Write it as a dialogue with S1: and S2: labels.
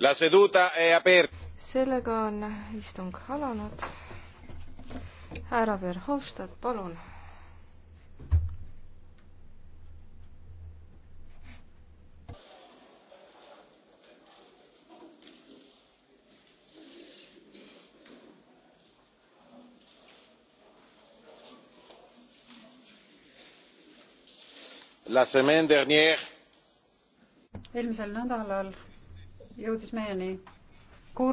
S1: La seduta è aperta.
S2: sellega on istung alanud.
S3: härra Verhofstadt, palun.
S4: La
S5: semaine dernière.
S6: eelmisel nädalal jõudis meieni